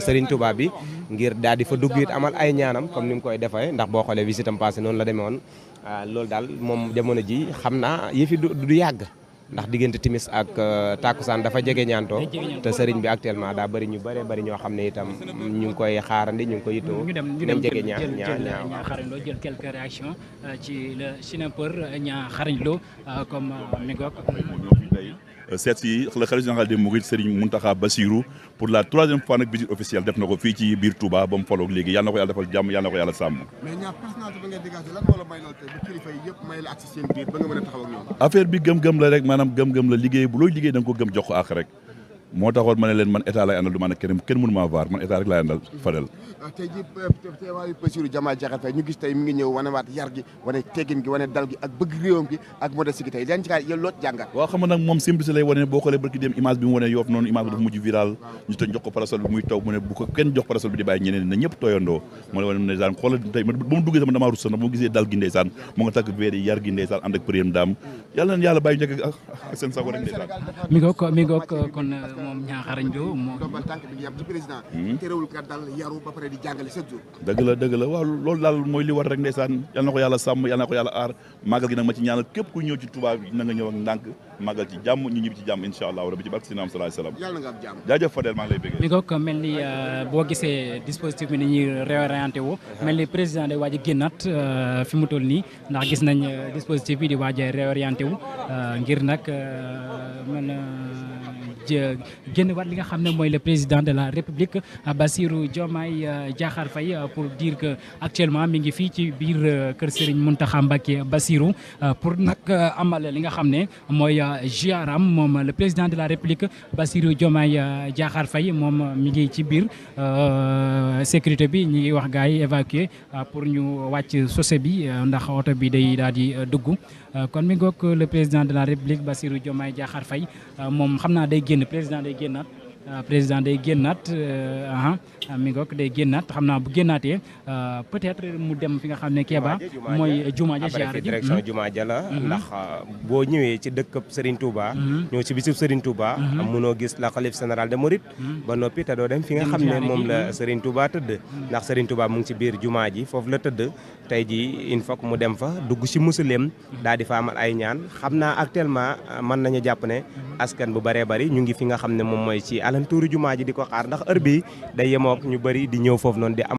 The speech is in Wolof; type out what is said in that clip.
Serigne Touba bi ngir daal di fa dugg it amal ay ñaanam comme ni mu koy defee ndax boo xoolee visitam passé noonu la demee woon ah, loolu daal moom jamono ji xam naa yëfi du du yàgg ndax diggante timis ak euh, takkusaan dafa jege ñaantoo te sëriñ bi actuellement daa bëri ñu bare bëri ñoo xam ne itam ñu ngi koy xaarandi ñu ngi koy ittoo nem jege ñaa ñaa ñaa xarañ loo jël quelques réactions euh, ci le euh, comme mi ngoog tey euh, seet si le khalife général des mourides Serigne Mountakha Bassirou pour la troisième fois nag visite officielle def na ko fii ci biir Touba ba mu faloog léegi yàlla ko yàlla defal jàmm yàlla na ko yàlla la may a taxaw ak ñoom. affaire bi gëm-gëm la rek maanaam gëm-gëm la liggéey bu looy liggéey da nga gëm jox ko rek moo taxoon ma ne leen man état lay àndal du ma kenn kenn mënu maa vaar man état rek laay àndal Fadel. Ah, tey jii euh, teewaayu ñu gis tey mi ngi ñëw wane waat yar gi wane teggin gi wane dal gi ak bëgg réewam gi ak modeste gi tey daan ci xaar yow loot jàngat. waaw nag moom simplicité lay wane boo xoolee barki dem image bi mu wane yoof noonu image bi mujj viral ñu te jox muy taw mu ne bu kenn jox parasol bi di bàyyi ñeneen na ñëpp tooyandoo moo moom ñaaxarañ bi moom. dombal tànk bi yàpp ci président. Hmm? terewul kat daal yaru ba pare di jàngale chaque jour. dëgg la dëgg la waaw loolu daal mooy li war rek ndeysaan yal na ko yàlla sàmm yal na ko yàlla aar màggal gi nag ma ci ñaanal képp ku ñëw ci Touba na nga ñëw ndànk màggal ci jàmm ñu ñibbi ci jàmm incha allah rabbi ci barke salaay salaam. yàlla nga am jàmm lay bëggee. mi ko ko mel ni euh, boo gisee dispositif bi ni ñuy réorienté woo. mel ni président day waaj a euh, fi mu toll nii ndax gis nañ euh, dispositif bi di waaj a réorienté ngir nag mën génn waat li nga xam ne mooy le président de la république Bassirou Diomaye euh, Diakhar euh, pour dire actuellement mi ngi fii ci biir euh, kër Serigne Mountakha Mbacké Bassirou pour nag amal li nga xam ne mooy jiaram moom le président de la république Bassirou Diomaye Diakhar Faye moom mi ngi ci biir sécurité bi ñu ngi wax gars yi pour ñu wàcc sose bi ndax oto bi day daal di dugg kon mi ngoog le président de la république Bassirou Diomaye Diakhar Faye moom xam naa day génn génn président day génnaat Euh, président day génnaat euh, mi ngoog day génnaat xam naa bu génnaatee euh, peut-être mu dem fi nga xam ne Kéba mooy jumaa ja ziyaara ji direction mhm. jumaa ja la mhm. ndax boo ñëwee ci dëkk Serigne Touba mhm. ñëw ci bisub Serigne Touba mënoo gis la xalif général de Mouride ba noppi te doo dem fi nga xam ne moom la Serigne Touba tëdd ndax Serigne Touba mu ngi ci biir jumaa ji foofu la tëdd tey ji il faut mu dem fa dugg ci musuleem daal di fa amal ay ñaan xam naa actuellement mën nañu jàpp ne askan maanaam tuuru jumaa di ko xaar ndax heure bi day yemook ñu di ñëw foofu noonu di am